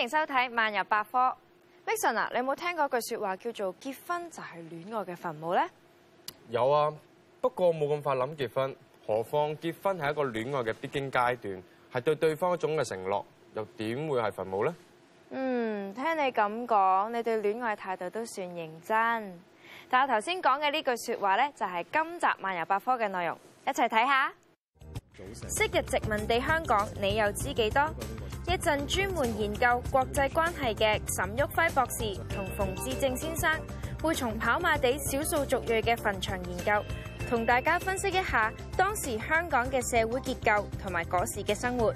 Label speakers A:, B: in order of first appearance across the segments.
A: 歡迎收睇《漫遊百科》。v i c o n 啊，你有冇聽過一句說話叫做“結婚就係戀愛嘅墳墓”咧？
B: 有啊，不過冇咁快諗結婚，何況結婚係一個戀愛嘅必經階段，係對對方一種嘅承諾，又點會係墳墓咧？
A: 嗯，聽你咁講，你對戀愛的態度都算認真。但我頭先講嘅呢句說話咧，就係今集《漫遊百科》嘅內容，一齊睇下。醒昔日殖民地香港，你又知幾多？一陣專門研究國際關係嘅沈旭暉博士同馮智政先生會從跑馬地少數族裔嘅墳場研究，同大家分析一下當時香港嘅社會結構同埋嗰時嘅生活。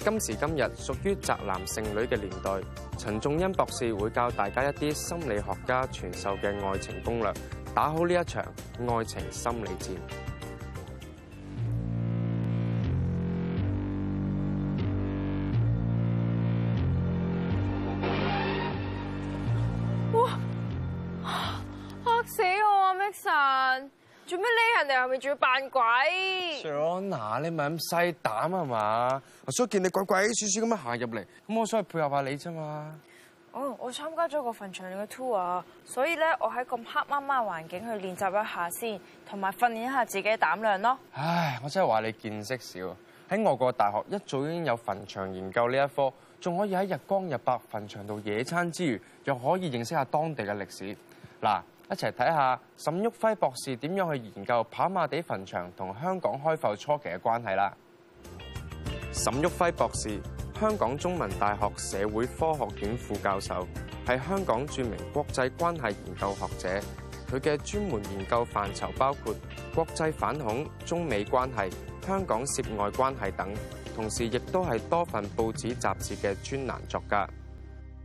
B: 今時今日屬於宅男剩女嘅年代，陳頌恩博士會教大家一啲心理學家傳授嘅愛情攻略，打好呢一場愛情心理戰。
A: 做咩匿人哋後面仲要扮鬼？謝
B: 安娜，你咪咁細膽係嘛？我想見你鬼鬼祟祟咁樣行入嚟，咁我想去配合下你啫嘛。
A: 哦，我參加咗個墳場嘅 tour，所以咧我喺咁黑麻麻環境去練習一下先，同埋訓練一下自己嘅膽量咯。
B: 唉，我真係話你見識少。喺外國大學一早已經有墳場研究呢一科，仲可以喺日光日白墳場度野餐之餘，又可以認識下當地嘅歷史。嗱。一齊睇下沈旭暉博士點樣去研究跑馬地墳場同香港開埠初期嘅關係啦！沈旭暉博士，香港中文大學社會科學院副教授，係香港著名國際關係研究學者。佢嘅專門研究範疇包括國際反恐、中美關係、香港涉外關係等，同時亦都係多份報紙雜誌嘅專欄作家。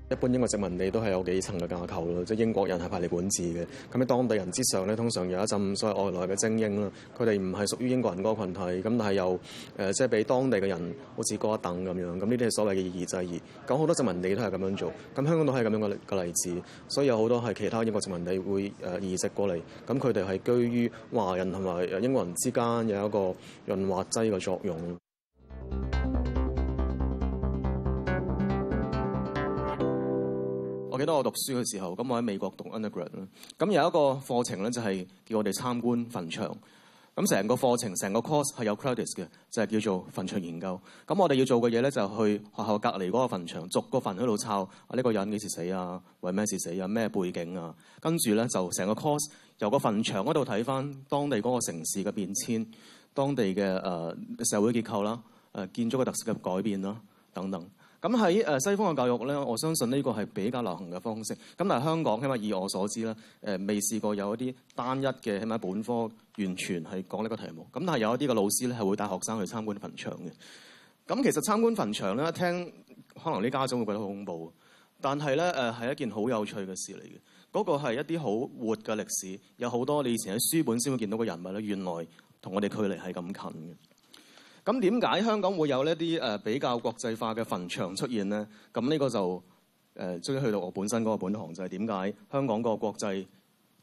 C: 一般英國殖民地都係有幾層嘅架構咯，即係英國人係派嚟管治嘅，咁喺當地人之上咧，通常有一陣所謂外來嘅精英啦，佢哋唔係屬於英國人嗰個群體，咁但係又誒即係比當地嘅人好似高一等咁樣，咁呢啲係所謂嘅以夷制夷，咁好多殖民地都係咁樣做，咁香港都係咁樣嘅個例子，所以有好多係其他英國殖民地會誒移植過嚟，咁佢哋係居於華人同埋英國人之間有一個潤滑劑嘅作用。我記得我讀書嘅時候，咁我喺美國讀 undergrad 啦。咁有一個課程咧，就係叫我哋參觀墳場。咁成個課程、成個 course 係有 credit 嘅，就係、是、叫做墳場研究。咁我哋要做嘅嘢咧，就去學校隔離嗰個墳場，逐個墳喺度抄啊，呢、這個人幾時死啊？為咩事死啊？咩、啊、背景啊？跟住咧，就成個 course 由個墳場嗰度睇翻當地嗰個城市嘅變遷、當地嘅誒社會結構啦、誒建築嘅特色嘅改變啦等等。咁喺誒西方嘅教育咧，我相信呢個係比較流行嘅方式。咁但係香港，起碼以我所知咧，誒未試過有一啲單一嘅起碼本科完全係講呢個題目。咁但係有一啲嘅老師咧，係會帶學生去參觀墳場嘅。咁其實參觀墳場咧，聽可能啲家長會覺得好恐怖，但係咧誒係一件好有趣嘅事嚟嘅。嗰個係一啲好活嘅歷史，有好多你以前喺書本先會見到嘅人物咧，原來同我哋距離係咁近嘅。咁點解香港會有呢啲誒比較國際化嘅墳場出現咧？咁呢個就誒終於去到我本身嗰個本行，就係點解香港個國際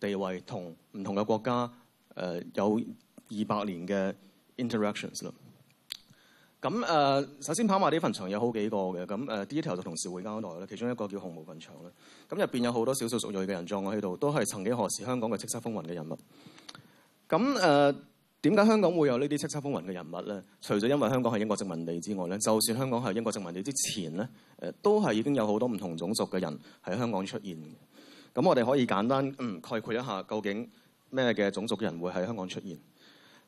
C: 地位同唔同嘅國家誒有二百年嘅 interactions 啦。咁誒、啊、首先跑馬地啲墳場有好幾個嘅，咁誒 detail 就同時會交代啦。其中一個叫紅毛墳場啦，咁入邊有好多少數族裔嘅人葬喺度，都係曾幾何時香港嘅叱咤風雲嘅人物。咁誒。啊點解香港會有呢啲叱咤風雲嘅人物咧？除咗因為香港係英國殖民地之外咧，就算香港係英國殖民地之前咧，誒都係已經有好多唔同種族嘅人喺香港出現。咁我哋可以簡單、嗯、概括一下，究竟咩嘅種族嘅人會喺香港出現？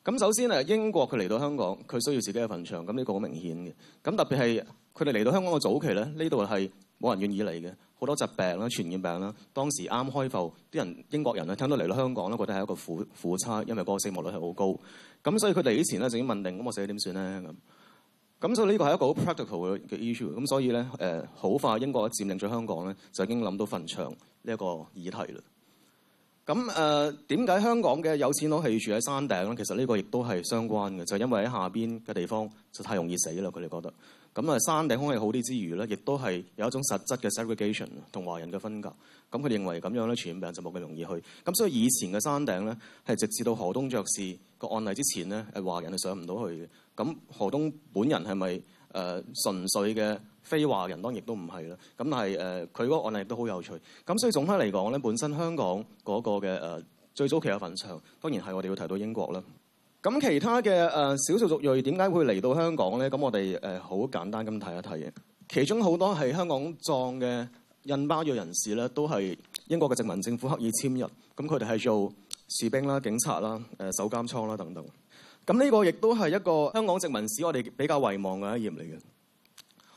C: 咁首先咧，英國佢嚟到香港，佢需要自己嘅墳場，咁呢個好明顯嘅。咁特別係佢哋嚟到香港嘅早期咧，呢度係。冇人願意嚟嘅，好多疾病啦、傳染病啦。當時啱開埠，啲人英國人啊，聽到嚟到香港咧，覺得係一個苦苦差，因為個死亡率係好高。咁所以佢哋以前咧就已經問定：咁我死點算咧？咁咁所以呢個係一個好 practical 嘅 issue。咁所以咧誒，好、呃、快英國佔領咗香港咧，就已經諗到墳場呢一個議題啦。咁誒點解香港嘅有錢佬係住喺山頂咧？其實呢個亦都係相關嘅，就是、因為喺下邊嘅地方就太容易死啦。佢哋覺得。咁啊，山頂空氣好啲之餘咧，亦都係有一種實質嘅 segregation 同華人嘅分隔。咁佢認為咁樣咧，傳染病就冇咁容易去。咁所以以前嘅山頂咧，係直至到何東爵士個案例之前咧，誒華人係上唔到去嘅。咁何東本人係咪誒純粹嘅非華人，當然亦都唔係啦。咁但係誒佢嗰個案例都好有趣。咁所以總體嚟講咧，本身香港嗰個嘅誒最早期嘅墳場，當然係我哋要提到英國啦。咁其他嘅誒少數族裔點解會嚟到香港呢？咁我哋誒好簡單咁睇一睇嘅，其中好多係香港葬嘅印巴裔人士咧，都係英國嘅殖民政府刻意簽入，咁佢哋係做士兵啦、警察啦、誒守監倉啦等等。咁呢個亦都係一個香港殖民史我哋比較遺忘嘅一頁嚟嘅。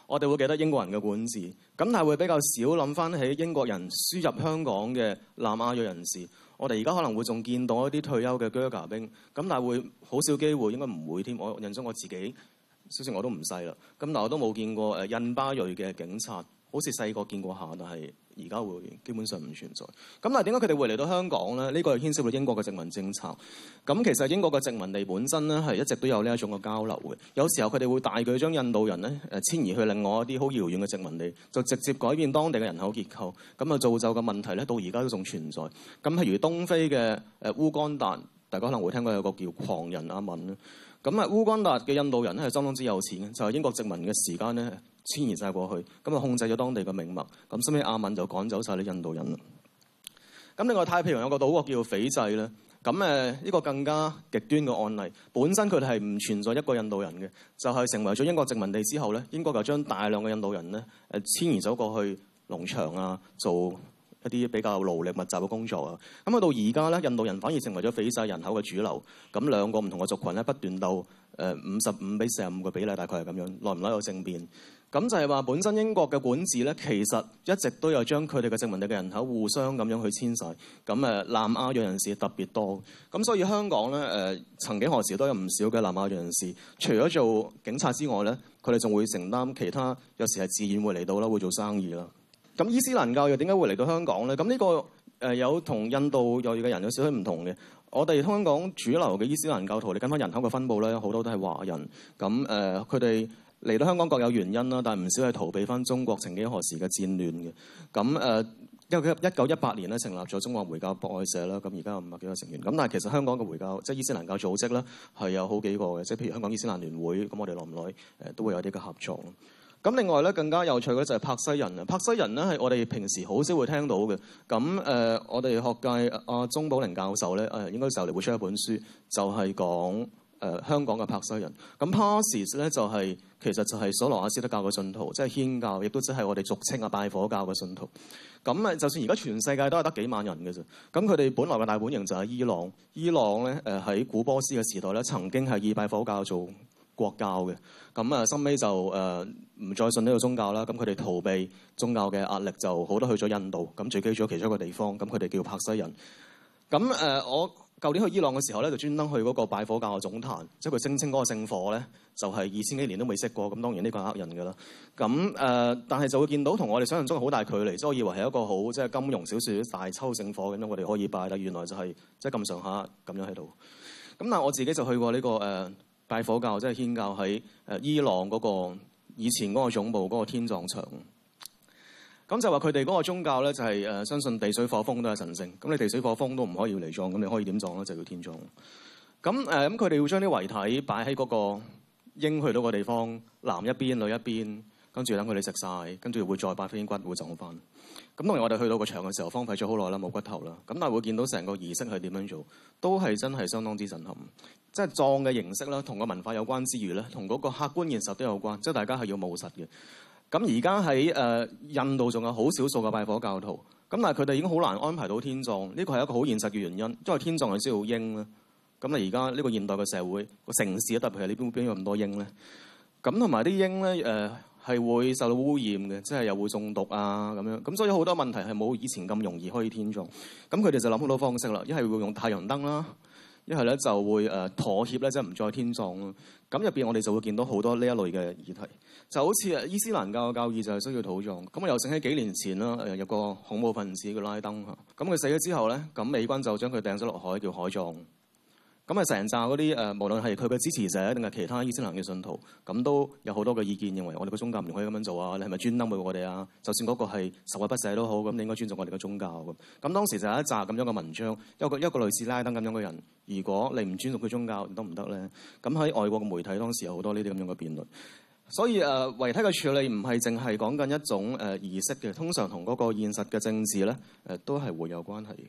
C: 我哋會記得英國人嘅管治，咁但係會比較少諗返起英國人輸入香港嘅南亞裔人士。我哋而家可能會仲見到一啲退休嘅啹喀兵，咁但係會好少機會，應該唔會添。我認真我自己，相信我都唔細喇，咁但係我都冇見過印巴裔嘅警察，好似細個見過下，但係。而家會基本上唔存在咁，但係點解佢哋會嚟到香港呢？呢個係牽涉到英國嘅殖民政策。咁其實英國嘅殖民地本身呢，係一直都有呢一種嘅交流嘅。有時候佢哋會大舉將印度人呢誒遷移去另外一啲好遙遠嘅殖民地，就直接改變當地嘅人口結構。咁啊造就嘅問題呢，到而家都仲存在。咁譬如東非嘅誒烏干達，大家可能會聽過有一個叫狂人阿敏啦。咁啊烏干達嘅印度人咧係相當之有錢嘅，就係英國殖民嘅時間咧遷移晒過去，咁啊控制咗當地嘅命脈。咁後尾阿敏就趕走晒啲印度人啦。咁另外太平洋有個島國叫做斐濟咧，咁誒呢個更加極端嘅案例，本身佢哋係唔存在一個印度人嘅，就係成為咗英國殖民地之後咧，英國就將大量嘅印度人咧誒遷移走過去農場啊做啲比較勞力密集嘅工作啊，咁啊到而家咧，印度人反而成為咗斐濟人口嘅主流。咁兩個唔同嘅族群咧不斷到誒五十五比四十五嘅比例大概係咁樣。耐唔耐有政變？咁就係話本身英國嘅管治咧，其實一直都有將佢哋嘅殖民地嘅人口互相咁樣去遷徙。咁誒、呃、南亞裔人士特別多。咁所以香港咧誒、呃，曾幾何時都有唔少嘅南亞裔人士，除咗做警察之外咧，佢哋仲會承擔其他，有時係自然會嚟到啦，會做生意啦。咁伊斯蘭教又點解會嚟到香港咧？咁呢、這個誒、呃、有同印度裔嘅人有少少唔同嘅。我哋香港主流嘅伊斯蘭教徒，你跟翻人口嘅分布咧，好多都係華人。咁誒，佢哋嚟到香港各有原因啦，但係唔少係逃避翻中國曾幾何時嘅戰亂嘅。咁誒，因為佢一九一八年咧成立咗中華回教博愛社啦。咁而家有五百幾個成員。咁但係其實香港嘅回教即係伊斯蘭教組織咧，係有好幾個嘅。即係譬如香港伊斯蘭聯會，咁我哋耐唔耐誒都會有啲嘅合作咯。咁另外咧，更加有趣嘅就係柏西人啊，柏西人咧，係我哋平時好少會聽到嘅。咁誒、呃，我哋學界阿鍾寶玲教授咧誒，應該嘅時候嚟會出一本書，就係講誒香港嘅柏西人。咁 Parsis 咧就係、是、其實就係索羅亞斯德教嘅信徒，即係祆教，亦都只係我哋俗稱啊拜火教嘅信徒。咁啊，就算而家全世界都係得幾萬人嘅啫。咁佢哋本來嘅大本營就係伊朗，伊朗咧誒，喺古波斯嘅時代咧，曾經係以拜火教做國教嘅，咁啊，心尾就誒唔、呃、再信呢個宗教啦。咁佢哋逃避宗教嘅壓力，就好多去咗印度，咁住居咗其中一個地方。咁佢哋叫柏西人。咁誒、呃，我舊年去伊朗嘅時候咧，就專登去嗰個拜火教嘅總壇，即係佢聲稱嗰個聖火咧，就係、是、二千幾年都未熄過。咁當然呢個係呃人㗎啦。咁誒，但係就會見到同我哋想象中好大距離。即、就、係、是、我以為係一個好即係金庸小説大抽聖火咁樣，我哋可以拜啦。原來就係即係咁上下咁樣喺度。咁但係我自己就去過呢、這個誒。呃拜火教即係祆教喺誒伊朗嗰個以前嗰個總部嗰個天葬場。咁就話佢哋嗰個宗教咧就係、是、誒、呃、相信地水火風都係神聖。咁你地水火風都唔可以要嚟葬，咁你可以點葬咧？就叫天葬。咁誒咁佢哋會將啲遺體擺喺嗰個鷹去到個地方，男一邊女一邊，跟住等佢哋食晒，跟住會再擺飛鷹骨會，會葬返。咁當然我哋去到個場嘅時候荒廢咗好耐啦，冇骨頭啦。咁但係會見到成個儀式係點樣做，都係真係相當之震撼。即係葬嘅形式啦，同個文化有關之餘咧，同嗰個客觀現實都有關。即係大家係要務實嘅。咁而家喺誒印度仲有好少數嘅拜火教徒。咁但係佢哋已經好難安排到天葬，呢個係一個好現實嘅原因，因為天葬係需要鷹啦。咁啊而家呢個現代嘅社會個城市啊，特別係呢邊邊有咁多鷹咧？咁同埋啲鷹咧誒。呃係會受到污染嘅，即係又會中毒啊咁樣咁，所以好多問題係冇以前咁容易可以天葬咁。佢哋就諗好多方式啦，一係會用太陽燈啦，一係咧就會誒、呃、妥協咧，即係唔再天葬咯。咁入邊我哋就會見到好多呢一類嘅議題，就好似伊斯蘭教嘅教義就係需要土葬咁。又剩喺幾年前啦，有一個恐怖分子叫拉登嚇，咁佢死咗之後咧，咁美軍就將佢掟咗落海叫海葬。咁啊，成扎嗰啲誒，無論係佢嘅支持者定係其他伊斯蘭嘅信徒，咁都有好多嘅意見，認為我哋嘅宗教唔可以咁樣做啊！你係咪專登去我哋啊？就算嗰個係十惡不赦都好，咁你應該尊重我哋嘅宗教咁。咁當時就有一紮咁樣嘅文章，一個一個類似拉登咁樣嘅人，如果你唔尊重佢宗教，唔得唔得咧？咁喺外國嘅媒體當時有好多呢啲咁樣嘅辯論。所以誒，遺體嘅處理唔係淨係講緊一種誒儀式嘅，通常同嗰個現實嘅政治咧誒都係會有關係嘅。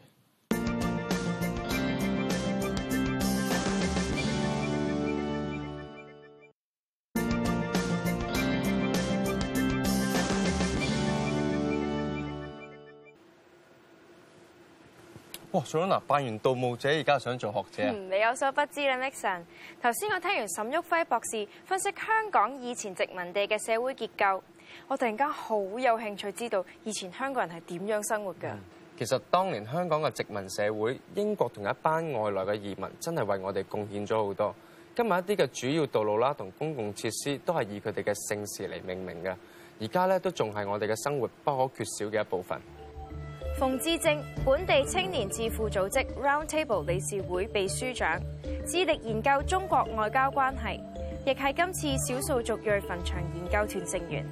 B: 哇，所以嗱，扮完盜墓者而家想做學者？
A: 你有所不知啦，Nixon。頭先我聽完沈旭暉博士分析香港以前殖民地嘅社會結構，我突然間好有興趣知道以前香港人係點樣生活㗎？嗯，
B: 其實當年香港嘅殖民社會，英國同一班外來嘅移民真係為我哋貢獻咗好多。今日一啲嘅主要道路啦同公共設施都係以佢哋嘅姓氏嚟命名嘅，而家咧都仲係我哋嘅生活不可缺少嘅一部分。
A: 馮智政，本地青年智庫組織 Round Table 理事會秘書長，致力研究中國外交關係，亦係今次少數族裔墳場研究團成員。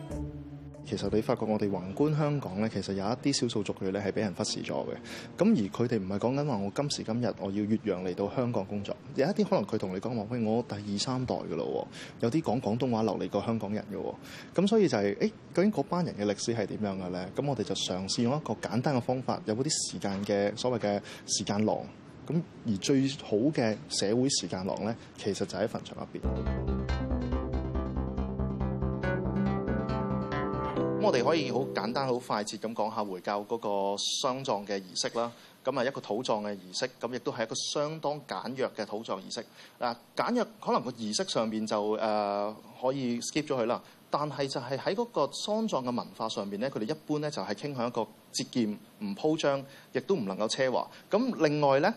D: 其實你發覺我哋宏觀香港咧，其實有一啲少數族裔咧係俾人忽視咗嘅。咁而佢哋唔係講緊話我今時今日我要越洋嚟到香港工作。有一啲可能佢同你講話，喂，我第二三代嘅咯，有啲講廣東話流利過香港人嘅。咁所以就係、是，誒究竟嗰班人嘅歷史係點樣嘅咧？咁我哋就嘗試用一個簡單嘅方法，有冇啲時間嘅所謂嘅時間廊。咁而最好嘅社會時間廊咧，其實就喺墳場入邊。我哋可以好簡單、好快捷咁講下回教嗰個喪葬嘅儀式啦。咁啊，一個土葬嘅儀式，咁亦都係一個相當簡約嘅土葬儀式。嗱、啊，簡約可能個儀式上面就誒、呃、可以 skip 咗佢啦。但係就係喺嗰個喪葬嘅文化上面咧，佢哋一般咧就係傾向一個節儉，唔鋪張，亦都唔能夠奢華。咁另外咧。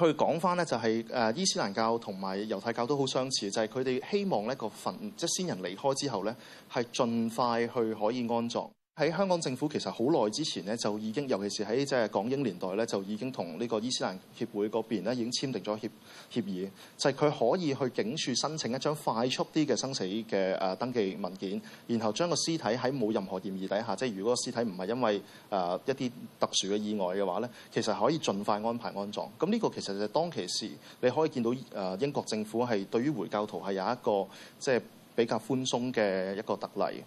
D: 去講翻呢，就係誒伊斯蘭教同埋猶太教都好相似，就係佢哋希望呢個墳，即先人離開之後呢，係盡快去可以安葬。喺香港政府，其實好耐之前咧就已經，尤其是喺即係港英年代咧就已經同呢個伊斯蘭協會嗰邊咧已經簽訂咗協協議，就係、是、佢可以去警署申請一張快速啲嘅生死嘅誒、呃、登記文件，然後將個屍體喺冇任何嫌疑底下，即係如果個屍體唔係因為誒、呃、一啲特殊嘅意外嘅話咧，其實可以盡快安排安葬。咁呢個其實就係當其時你可以見到誒、呃、英國政府係對於回教徒係有一個即係、就是、比較寬鬆嘅一個特例。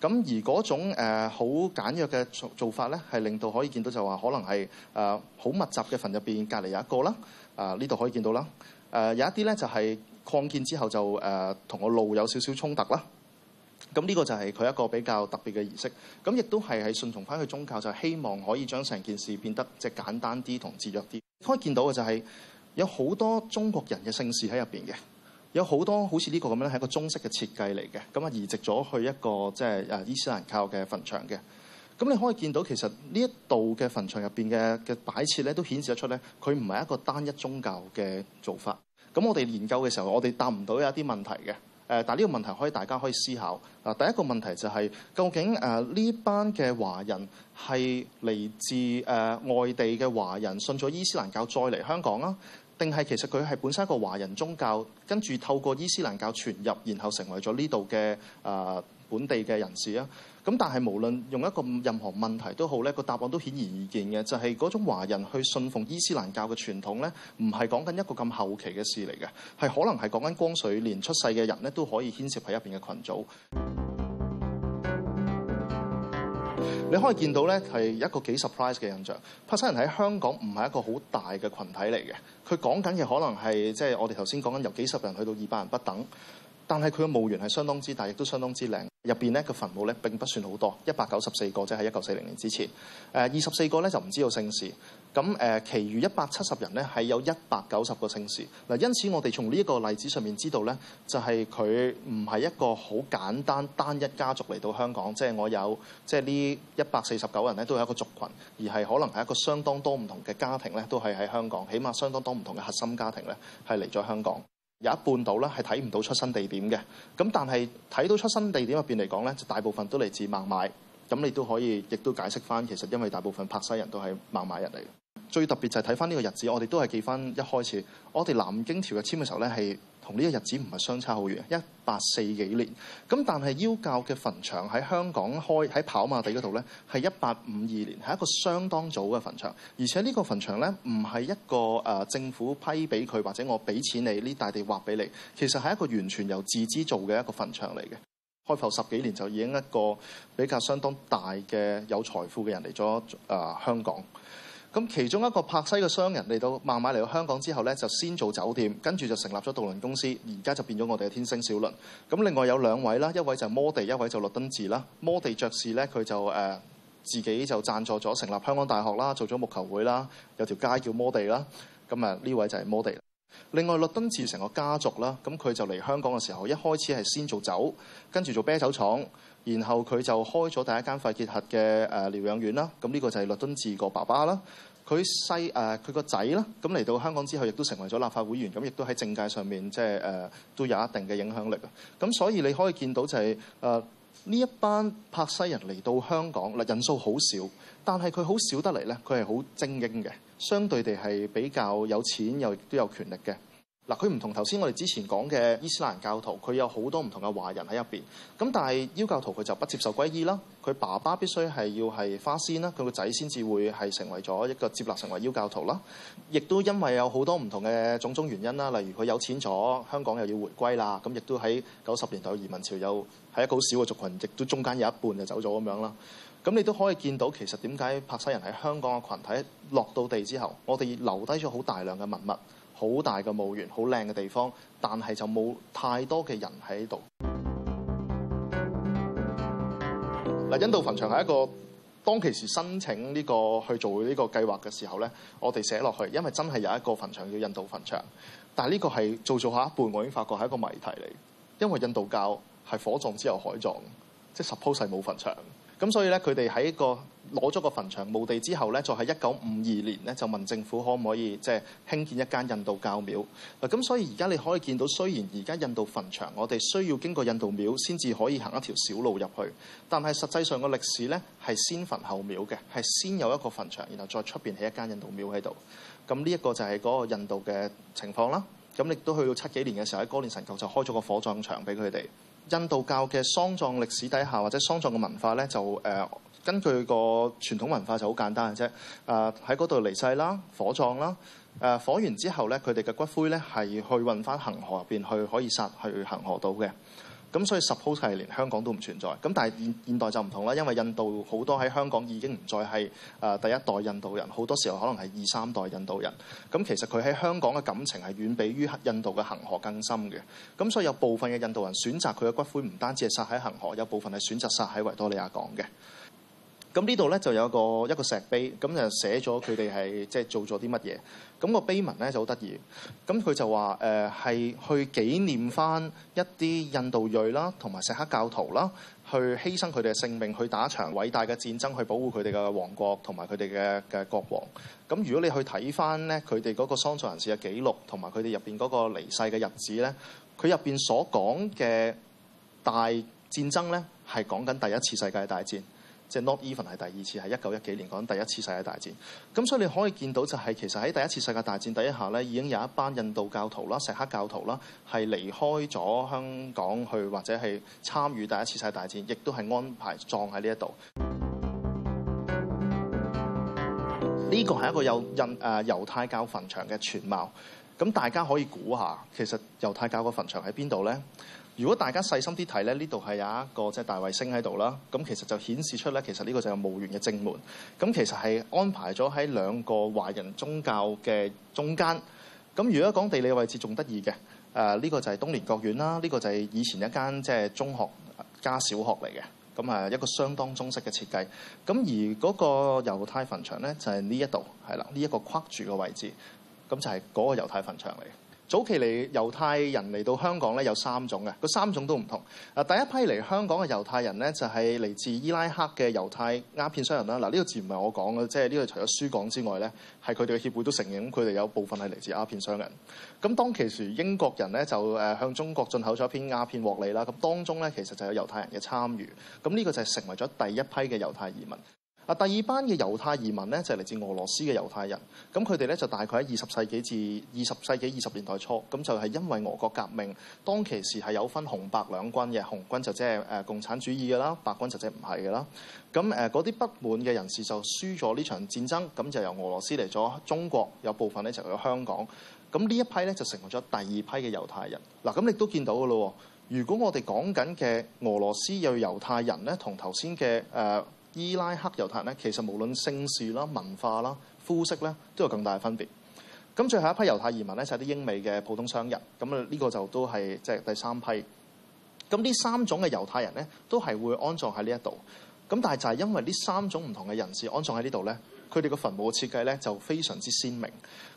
D: 咁而嗰種好、呃、簡約嘅做法咧，係令到可以見到就話可能係誒好密集嘅墳入邊隔離有一個啦，啊呢度可以見到啦，誒、呃、有一啲咧就係、是、擴建之後就誒同個路有少少衝突啦，咁、啊、呢、這個就係佢一個比較特別嘅儀式，咁、啊、亦都係係順從翻去宗教，就是、希望可以將成件事變得即係簡單啲同節約啲。可以見到嘅就係有好多中國人嘅姓氏喺入邊嘅。有好多好似呢個咁樣咧，係一個中式嘅設計嚟嘅，咁啊移植咗去一個即係誒伊斯蘭教嘅墳場嘅。咁你可以見到，其實呢一度嘅墳場入邊嘅嘅擺設咧，都顯示得出咧，佢唔係一個單一宗教嘅做法。咁我哋研究嘅時候，我哋答唔到有一啲問題嘅。誒，但係呢個問題可以大家可以思考。啊，第一個問題就係究竟誒呢班嘅華人係嚟自誒外地嘅華人，信咗伊斯蘭教再嚟香港啊？定係其實佢係本身一個華人宗教，跟住透過伊斯蘭教傳入，然後成為咗呢度嘅誒本地嘅人士啊。咁但係無論用一個任何問題都好咧，個答案都顯而易見嘅，就係、是、嗰種華人去信奉伊斯蘭教嘅傳統咧，唔係講緊一個咁後期嘅事嚟嘅，係可能係講緊光緒年出世嘅人咧都可以牽涉喺入邊嘅群組。你可以見到咧，係一個幾 surprise 嘅印象。帕西人喺香港唔係一個好大嘅群體嚟嘅，佢講緊嘅可能係即係我哋頭先講緊由幾十人去到二百人不等。但係佢嘅墓園係相當之大，亦都相當之靚。入邊咧個墳墓咧並不算好多，一百九十四個即係一九四零年之前。誒二十四個咧就唔知道姓氏。咁誒，其餘一百七十人咧係有一百九十個姓氏。嗱，因此我哋從呢一個例子上面知道咧，就係佢唔係一個好簡單單一家族嚟到香港，即係我有即係呢一百四十九人咧都有一個族群，而係可能係一個相當多唔同嘅家庭咧都係喺香港，起碼相當多唔同嘅核心家庭咧係嚟咗香港。有一半到咧係睇唔到出生地點嘅，咁但係睇到出生地點入邊嚟講咧，就大部分都嚟自孟買，咁你都可以亦都解釋翻，其實因為大部分柏西人都係孟買人嚟。最特別就係睇翻呢個日子，我哋都係記翻一開始，我哋南京條約簽嘅時候咧係。同呢個日子唔係相差好遠，一八四幾年。咁但係要教嘅墳場喺香港開喺跑馬地嗰度呢，係一八五二年，係一個相當早嘅墳場。而且呢個墳場呢，唔係一個、呃、政府批俾佢，或者我俾錢你呢大地劃俾你。其實係一個完全由自資做嘅一個墳場嚟嘅。開埠十幾年就已經一個比較相當大嘅有財富嘅人嚟咗、呃、香港。咁其中一個柏西嘅商人嚟到孟買，嚟到香港之後咧，就先做酒店，跟住就成立咗渡輪公司，而家就變咗我哋嘅天星小輪。咁另外有兩位啦，一位就是摩地，一位就律敦治啦。摩地爵士咧，佢就誒、呃、自己就贊助咗成立香港大學啦，做咗木球會啦，有條街叫摩地啦。咁啊呢位就係摩地。另外律敦治成個家族啦，咁佢就嚟香港嘅時候，一開始係先做酒，跟住做啤酒廠。然後佢就開咗第一間肺結核嘅誒療養院啦，咁呢個就係律敦治個爸爸啦。佢細誒佢個仔啦，咁嚟到香港之後亦都成為咗立法會員，咁亦都喺政界上面即係誒都有一定嘅影響力啊。咁所以你可以見到就係誒呢一班柏西人嚟到香港，嗱人數好少，但係佢好少得嚟咧，佢係好精英嘅，相對地係比較有錢又都有權力嘅。嗱，佢唔同頭先我哋之前講嘅伊斯蘭教徒，佢有好多唔同嘅華人喺入邊。咁但係，祆教徒佢就不接受皈依啦。佢爸爸必須係要係花仙啦，佢個仔先至會係成為咗一個接納成為祆教徒啦。亦都因為有好多唔同嘅種種原因啦，例如佢有錢咗，香港又要回歸啦。咁亦都喺九十年代移民潮有，係一個好少嘅族群，亦都中間有一半就走咗咁樣啦。咁你都可以見到，其實點解帕西人喺香港嘅群體落到地之後，我哋留低咗好大量嘅文物。好大嘅墓園，好靚嘅地方，但係就冇太多嘅人喺度。嗱，印度墳場係一個當其時申請呢個去做呢個計劃嘅時候咧，我哋寫落去，因為真係有一個墳場叫印度墳場，但係呢個係做做下一半，我已經發覺係一個謎題嚟，因為印度教係火葬之後海葬，即係 suppose 係冇墳場。咁所以咧，佢哋喺個攞咗個墳場墓地之後咧，就喺一九五二年咧，就問政府可唔可以即係、就是、興建一間印度教廟。嗱，咁所以而家你可以見到，雖然而家印度墳場，我哋需要經過印度廟先至可以行一條小路入去。但係實際上個歷史咧係先墳後廟嘅，係先有一個墳場，然後再出邊起一間印度廟喺度。咁呢一個就係嗰個印度嘅情況啦。咁亦都去到七幾年嘅時候，喺哥連臣角就開咗個火葬場俾佢哋。印度教嘅喪葬歷史底下或者喪葬嘅文化咧，就誒、呃、根據個傳統文化就好簡單嘅啫。誒、呃，喺嗰度離世啦，火葬啦。誒、呃，火完之後咧，佢哋嘅骨灰咧係去運翻恒河入邊去，可以撒去恒河島嘅。咁所以 suppose 係連香港都唔存在，咁但係現現代就唔同啦，因為印度好多喺香港已經唔再係誒第一代印度人，好多時候可能係二三代印度人，咁其實佢喺香港嘅感情係遠比於印度嘅恒河更深嘅，咁所以有部分嘅印度人選擇佢嘅骨灰唔單止係撒喺恒河，有部分係選擇撒喺維多利亞港嘅。咁呢度咧就有一個一個石碑，咁就寫咗佢哋係即係做咗啲乜嘢。咁個碑文咧就好得意。咁佢就話係、呃、去紀念翻一啲印度裔啦，同埋錫克教徒啦，去犧牲佢哋嘅性命去打一場偉大嘅戰爭，去保護佢哋嘅王國同埋佢哋嘅嘅國王。咁如果你去睇翻咧佢哋嗰個喪葬人士嘅記錄，同埋佢哋入面嗰個離世嘅日子咧，佢入面所講嘅大戰爭咧係講緊第一次世界大戰。即係 not even 係第二次，係一九一幾年講第一次世界大戰，咁所以你可以見到就係、是、其實喺第一次世界大戰第一下咧，已經有一班印度教徒啦、石刻教徒啦，係離開咗香港去或者係參與第一次世界大戰，亦都係安排葬喺呢一度。呢個係一個有印誒猶、啊、猶太教墳場嘅全貌。咁大家可以估下，其實猶太教個墳場喺邊度咧？如果大家細心啲睇咧，呢度係有一個即係大衛星喺度啦。咁其實就顯示出咧，其實呢個就係墓園嘅正門。咁其實係安排咗喺兩個華人宗教嘅中間。咁如果講地理位置仲得意嘅，誒呢個就係東蓮覺苑啦。呢個就係以前一間即係中學加小學嚟嘅。咁誒一個相當中式嘅設計。咁而嗰個猶太墳場咧就係呢一度係啦，呢一個框住嘅位置。咁就係嗰個猶太墳場嚟。早期嚟猶太人嚟到香港咧有三種嘅，嗰三種都唔同啊。第一批嚟香港嘅猶太人咧就係嚟自伊拉克嘅猶太鴉片商人啦。嗱，呢個字唔係我講嘅，即係呢個除咗書講之外咧，係佢哋嘅協會都承認，佢哋有部分係嚟自鴉片商人。咁當其時英國人咧就誒向中國進口咗一篇鴉片獲利啦，咁當中咧其實就有猶太人嘅參與，咁呢個就係成為咗第一批嘅猶太移民。第二班嘅猶太移民呢，就係嚟自俄羅斯嘅猶太人。咁佢哋呢，就大概喺二十世紀至二十世紀二十年代初咁，就係因為俄國革命當其時係有分紅白兩軍嘅，紅軍就即係誒共產主義嘅啦，白軍就即係唔係嘅啦。咁誒嗰啲不滿嘅人士就輸咗呢場戰爭，咁就由俄羅斯嚟咗中國，有部分呢就去香港。咁呢一批呢，就成為咗第二批嘅猶太人嗱。咁你都見到嘅咯。如果我哋講緊嘅俄羅斯有猶太人呢，同頭先嘅誒。呃伊拉克猶太人咧，其實無論姓氏啦、文化啦、膚色咧，都有更大嘅分別。咁最後一批猶太移民咧，就係啲英美嘅普通商人。咁啊，呢個就都係即係第三批。咁呢三種嘅猶太人咧，都係會安葬喺呢一度。咁但係就係因為呢三種唔同嘅人士安葬喺呢度咧，佢哋個墳墓嘅設計咧就非常之鮮明。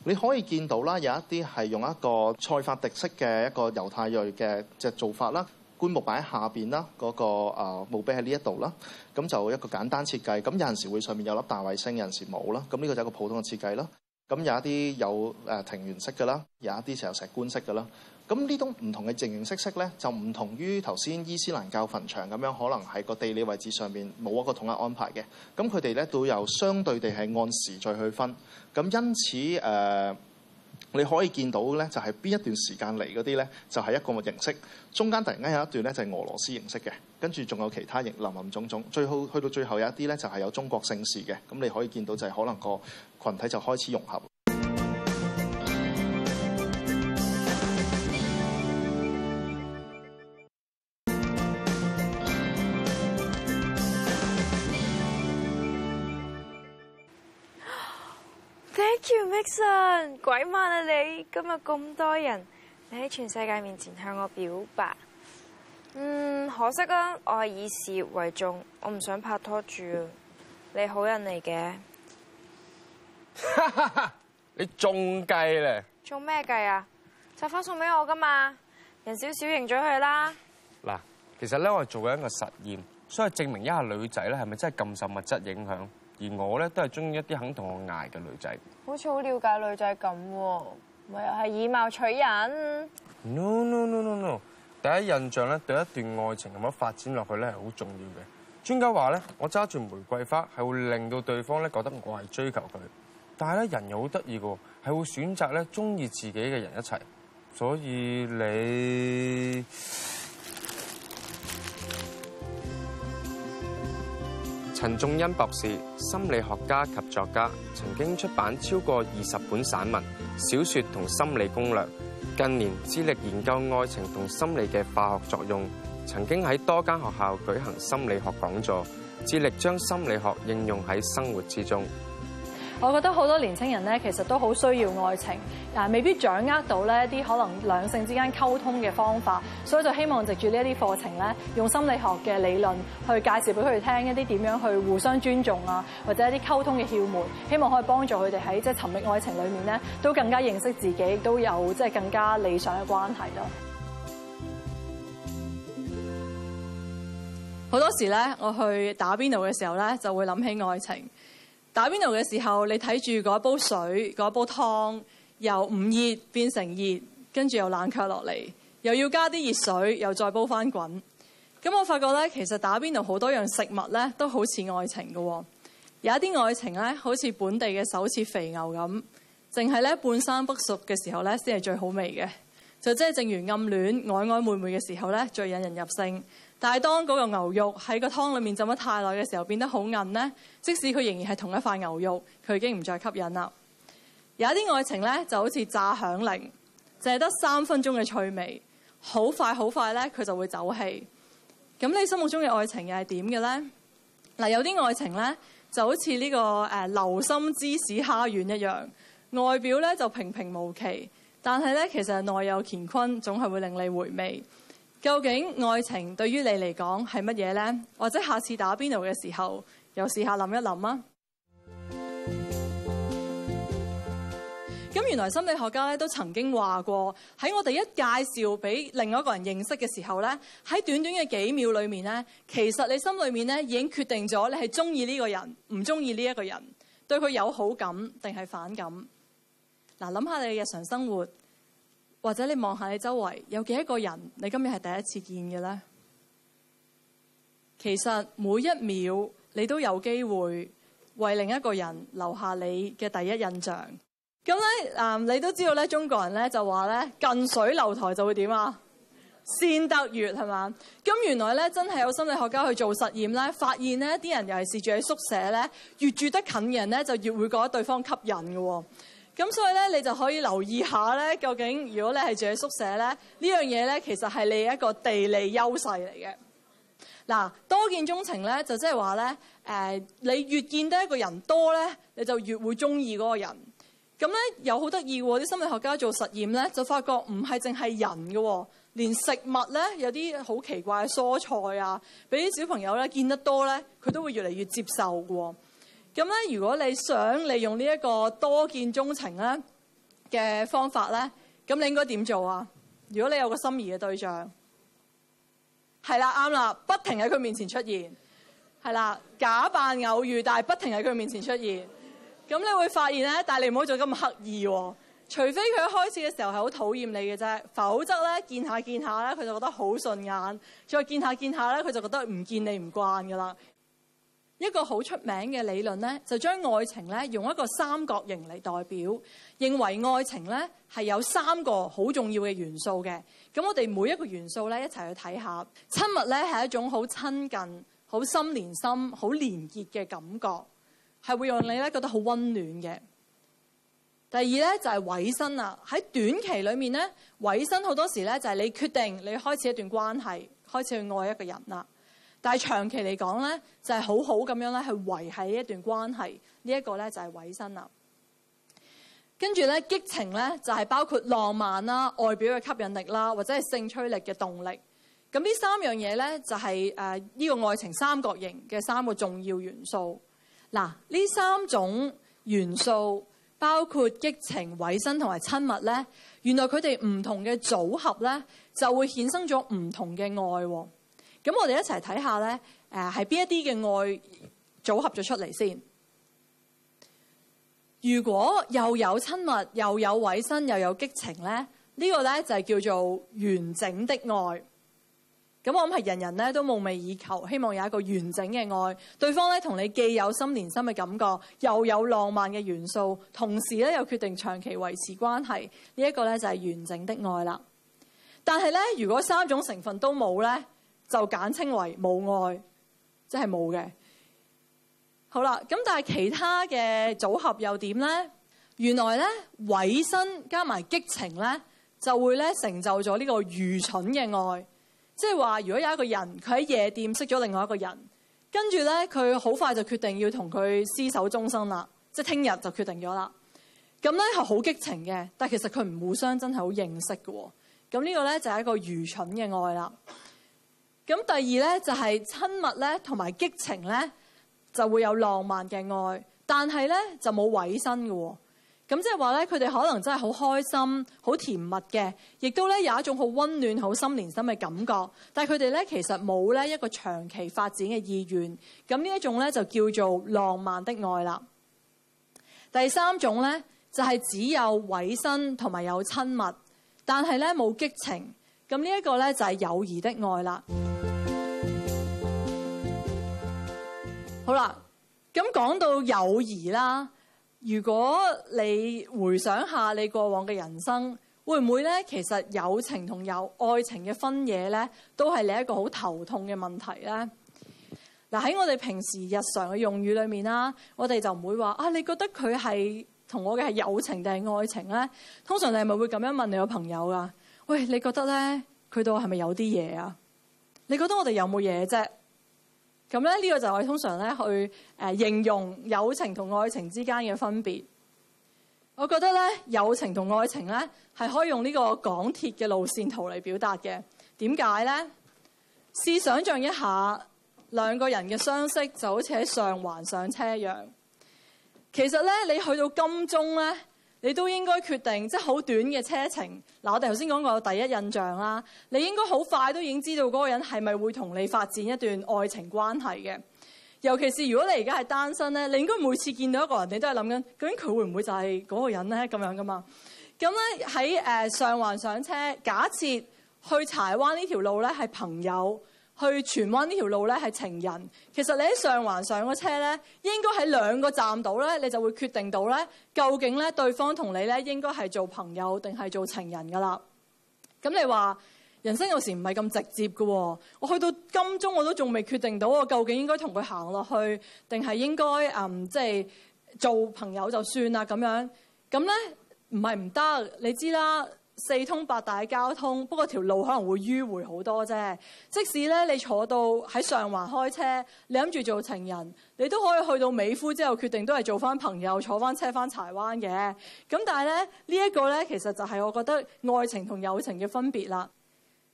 D: 你可以見到啦，有一啲係用一個塞法迪式嘅一個猶太裔嘅即係做法啦。棺木擺喺下邊啦，嗰個啊墓碑喺呢一度啦，咁就一個簡單設計。咁有陣時會上面有粒大衛星，有陣時冇啦。咁呢個就係一個普通嘅設計啦。咁有一啲有誒庭園式嘅啦，有一啲就石棺式嘅啦。咁呢種唔同嘅形形式式咧，就唔同於頭先伊斯蘭教墳場咁樣，可能係個地理位置上面冇一個統一安排嘅。咁佢哋咧都有相對地係按時序去分。咁因此誒。呃你可以見到咧，就係邊一段時間嚟嗰啲咧，就係一個姓氏。中間突然間有一段咧，就係俄羅斯姓氏嘅，跟住仲有其他姓林林總總。最後去到最後有一啲咧，就係有中國姓氏嘅。咁你可以見到就係可能個群體就開始融合。
A: 杰森，Nixon, 鬼馬啊你，今日咁多人，你喺全世界面前向我表白，嗯，可惜啊，我係以事業為重，我唔想拍拖住。你好人嚟嘅，
B: 你中計咧？
A: 中咩計啊？就發送俾我噶嘛，人少少，認咗佢啦。
B: 嗱，其實咧我係做緊一個實驗，想證明一下女仔咧係咪真係咁受物質影響。而我咧都係中意一啲肯同我捱嘅女仔，
A: 好似好了解女仔咁，啊，咪又係以貌取人。
B: No no no no no！第一印象咧對一段愛情咁樣發展落去咧係好重要嘅。專家話咧，我揸住玫瑰花係會令到對方咧覺得我係追求佢，但係咧人又好得意嘅，係會選擇咧中意自己嘅人一齊。所以你。陳頌恩博士，心理學家及作家，曾經出版超過二十本散文、小說同心理攻略。近年致力研究愛情同心理嘅化學作用，曾經喺多間學校舉行心理學講座，致力將心理學應用喺生活之中。
E: 我覺得好多年輕人咧，其實都好需要愛情，啊，未必掌握到呢一啲可能兩性之間溝通嘅方法，所以就希望藉住呢一啲課程咧，用心理學嘅理論去介紹俾佢哋聽一啲點樣去互相尊重啊，或者一啲溝通嘅竅門，希望可以幫助佢哋喺即係尋覓愛情裏面咧，都更加認識自己，亦都有即係更加理想嘅關係咯。好多時咧，我去打邊爐嘅時候咧，就會諗起愛情。打邊爐嘅時候，你睇住嗰煲水、嗰煲湯由唔熱變成熱，跟住又冷卻落嚟，又要加啲熱水，又再煲翻滾。咁我發覺呢其實打邊爐好多樣食物呢都好似愛情嘅，哦。有一啲愛情咧，好似本地嘅手切肥牛咁，淨係咧半生不熟嘅時候呢才先係最好味嘅。就即係正如暗戀曖曖昧昧嘅時候呢最引人入勝。但係當嗰個牛肉喺個湯裡面浸得太耐嘅時候，變得好韌呢，即使佢仍然係同一塊牛肉，佢已經唔再吸引啦。有啲愛情咧就好似炸響鈴，淨係得三分鐘嘅趣味，好快好快咧佢就會走氣。咁你心目中嘅愛情又係點嘅咧？嗱，有啲愛情咧就好似呢個誒流心芝士蝦丸一樣，外表咧就平平無奇，但係咧其實內有乾坤，總係會令你回味。究竟愛情對於你嚟講係乜嘢呢？或者下次打邊爐嘅時候，又試下諗一諗啊！咁 原來心理學家都曾經話過，喺我哋一介紹俾另外一個人認識嘅時候呢，喺短短嘅幾秒裏面呢，其實你心裏面呢已經決定咗你係中意呢個人，唔中意呢個人，對佢有好感定係反感？嗱，諗下你的日常生活。或者你望下你周圍有幾多個人你今日係第一次見嘅呢？其實每一秒你都有機會為另一個人留下你嘅第一印象。咁、嗯、你都知道中國人就話近水樓台就會點啊，先得月係嘛？咁原來真係有心理學家去做實驗發現，啲人尤其是住喺宿舍，越住得近嘅人就越會覺得對方吸引嘅喎。咁所以咧，你就可以留意下咧，究竟如果你係住喺宿舍咧，呢樣嘢咧，其實係你一個地理優勢嚟嘅。嗱，多見鍾情咧，就即係話咧，誒，你越見得一個人多咧，你就越會中意嗰個人。咁咧，又有好得意喎，啲心理學家做實驗咧，就發覺唔係淨係人嘅、哦，連食物咧，有啲好奇怪嘅蔬菜啊，俾啲小朋友咧見得多咧，佢都會越嚟越接受喎、哦。咁咧，如果你想利用呢一個多見鍾情咧嘅方法咧，咁你應該點做啊？如果你有個心儀嘅對象，係啦，啱啦，不停喺佢面前出現，係啦，假扮偶遇，但係不停喺佢面前出現，咁你會發現咧，但係你唔好做咁刻意喎，除非佢一開始嘅時候係好討厭你嘅啫，否則咧，見下見下咧，佢就覺得好順眼，再見下見下咧，佢就覺得唔見你唔慣㗎喇。一個好出名嘅理論呢，就將愛情呢用一個三角形嚟代表，認為愛情呢係有三個好重要嘅元素嘅。咁我哋每一個元素呢，一齊去睇下。親密呢係一種好親近、好心連心、好連結嘅感覺，係會讓你呢覺得好溫暖嘅。第二呢，就係委身啦，喺短期裏面呢，委身好多時呢，就係你決定你開始一段關係，開始去愛一個人啦。但係長期嚟講咧，就係、是、好好咁樣咧，去維繫一段關係。這個、呢一個咧就係委身啦。跟住咧，激情咧就係、是、包括浪漫啦、外表嘅吸引力啦，或者係性驅力嘅動力。咁呢三樣嘢咧就係誒呢個愛情三角形嘅三個重要元素。嗱，呢三種元素包括激情、委身同埋親密咧，原來佢哋唔同嘅組合咧就會衍生咗唔同嘅愛咁我哋一齊睇下呢，誒，係邊一啲嘅愛組合咗出嚟先。如果又有親密，又有委身，又有激情呢，呢個呢就係叫做完整的愛。咁我諗係人人呢都夢寐以求，希望有一個完整嘅愛。對方呢同你既有心連心嘅感覺，又有浪漫嘅元素，同時呢又決定長期維持關係，呢一個呢就係完整的愛啦。但係呢，如果三種成分都冇呢？就簡稱為冇愛，即係冇嘅。好啦，咁但係其他嘅組合又點呢？原來呢，委身加埋激情呢，就會呢成就咗呢個愚蠢嘅愛。即係話，如果有一個人佢喺夜店識咗另外一個人，跟住呢，佢好快就決定要同佢厮守終生啦，即係聽日就決定咗啦。咁呢係好激情嘅，但係其實佢唔互相真係好認識嘅喎。咁呢個呢，就係一個愚蠢嘅愛啦。咁第二咧就係親密咧，同埋激情咧就會有浪漫嘅愛，但係咧就冇委身嘅喎。咁即係話咧，佢哋可能真係好開心、好甜蜜嘅，亦都咧有一種好溫暖、好心連心嘅感覺。但係佢哋咧其實冇咧一個長期發展嘅意願。咁呢一種咧就叫做浪漫的愛啦。第三種咧就係只有委身同埋有親密，但係咧冇激情。咁呢一個呢，就係友誼的愛啦。好啦，咁講到友誼啦，如果你回想下你過往嘅人生，會唔會呢？其實友情同友愛情嘅分野呢，都係你一個好頭痛嘅問題呢。嗱，喺我哋平時日常嘅用語裏面啦，我哋就唔會話啊，你覺得佢係同我嘅係友情定係愛情呢？通常你係咪會咁樣問你嘅朋友㗎？喂，你覺得呢？佢度係咪有啲嘢啊？你覺得我哋有冇嘢啫？咁咧呢，呢個就係我哋通常咧去誒形容友情同愛情之間嘅分別。我覺得咧友情同愛情呢係可以用呢個港鐵嘅路線圖嚟表達嘅。點解呢？試想像一下兩個人嘅相識就好似喺上環上車一樣。其實呢，你去到金鐘呢，你都應該決定，即係好短嘅車程。嗱，我哋頭先講過第一印象啦，你應該好快都已經知道嗰個人係咪會同你發展一段愛情關係嘅。尤其是如果你而家係單身咧，你應該每次見到一個人，你都係諗緊，究竟佢會唔會就係嗰個人咧咁樣噶嘛？咁咧喺誒上環上車，假設去柴灣呢條路咧係朋友。去荃灣呢條路咧係情人，其實你喺上環上個車咧，應該喺兩個站度咧，你就會決定到咧，究竟咧對方同你咧應該係做朋友定係做情人噶啦。咁你話人生有時唔係咁直接噶喎，我去到金鐘，我都仲未決定到我究竟應該同佢行落去定係應該，嗯，即係做朋友就算啦咁樣。咁咧唔係唔得，你知啦。四通八達嘅交通，不過條路可能會迂迴好多啫。即使咧你坐到喺上環開車，你諗住做情人，你都可以去到美孚之後，決定都係做翻朋友，坐翻車翻柴灣嘅。咁但係咧呢一個咧，其實就係我覺得愛情同友情嘅分別啦。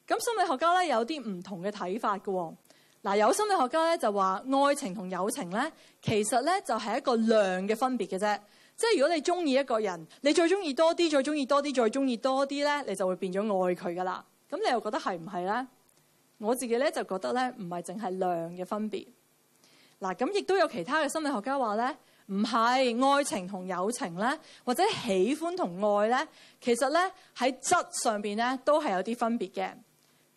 E: 咁心理學家咧有啲唔同嘅睇法嘅喎。嗱，有心理學家咧就話愛情同友情咧，其實咧就係一個量嘅分別嘅啫。即係如果你中意一個人，你再中意多啲，再中意多啲，再中意多啲咧，你就會變咗愛佢噶啦。咁你又覺得係唔係咧？我自己咧就覺得咧唔係淨係量嘅分別。嗱，咁亦都有其他嘅心理學家話咧，唔係愛情同友情咧，或者喜歡同愛咧，其實咧喺質上邊咧都係有啲分別嘅。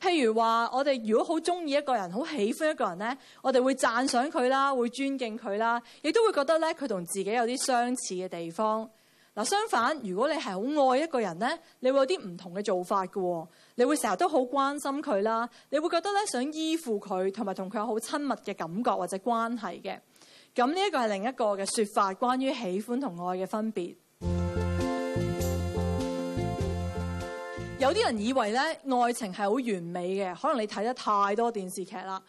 E: 譬如話，我哋如果好鍾意一個人，好喜歡一個人呢，我哋會讚賞佢啦，會尊敬佢啦，亦都會覺得咧佢同自己有啲相似嘅地方。嗱，相反，如果你係好愛一個人呢，你會有啲唔同嘅做法㗎，你會成日都好關心佢啦，你會覺得咧想依附佢，同埋同佢有好親密嘅感覺或者關係嘅。咁呢一個係另一個嘅説法，關於喜歡同愛嘅分別。有啲人以為咧愛情係好完美嘅，可能你睇得太多電視劇啦。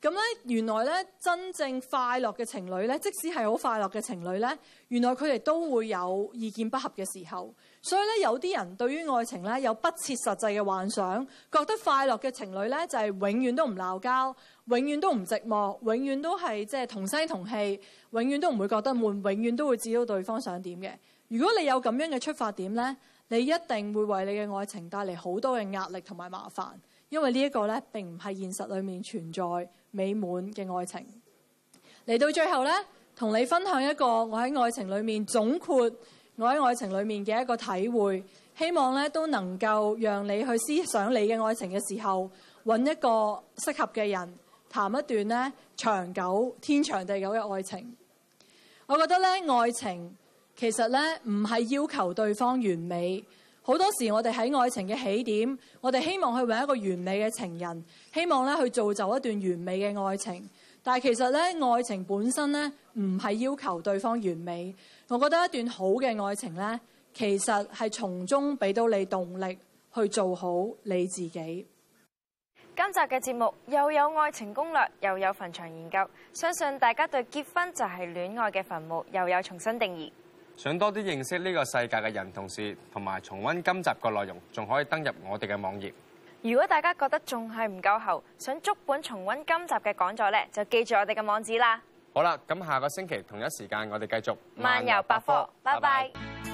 E: 咁咧原來咧真正快樂嘅情侶咧，即使係好快樂嘅情侶咧，原來佢哋都會有意見不合嘅時候。所以咧有啲人對於愛情咧有不切實際嘅幻想，覺得快樂嘅情侶咧就係永遠都唔鬧交，永遠都唔寂寞，永遠都係即係同聲同氣，永遠都唔會覺得悶，永遠都會知道對方想點嘅。如果你有咁樣嘅出發點咧，你一定會為你嘅愛情帶來好多嘅壓力同埋麻煩，因為呢一個並不並唔係現實裏面存在美滿嘅愛情。嚟到最後呢，同你分享一個我喺愛情裏面總括我喺愛情裏面嘅一個體會，希望呢都能夠讓你去思想你嘅愛情嘅時候，搵一個適合嘅人談一段呢長久天長地久嘅愛情。我覺得呢愛情。其實呢，唔係要求對方完美。好多時，我哋喺愛情嘅起點，我哋希望去搵一個完美嘅情人，希望呢去造就一段完美嘅愛情。但係其實呢，愛情本身呢，唔係要求對方完美。我覺得一段好嘅愛情呢，其實係從中畀到你動力去做好你自己。
A: 今集嘅節目又有愛情攻略，又有墳場研究，相信大家對結婚就係戀愛嘅墳墓又有重新定義。
B: 想多啲認識呢個世界嘅人，同事，同埋重温今集個內容，仲可以登入我哋嘅網頁。
A: 如果大家覺得仲係唔夠喉，想足本重温今集嘅講座咧，就記住我哋嘅網址啦。
B: 好啦，咁下個星期同一時間，我哋繼續漫遊百科，百科，拜拜。拜拜。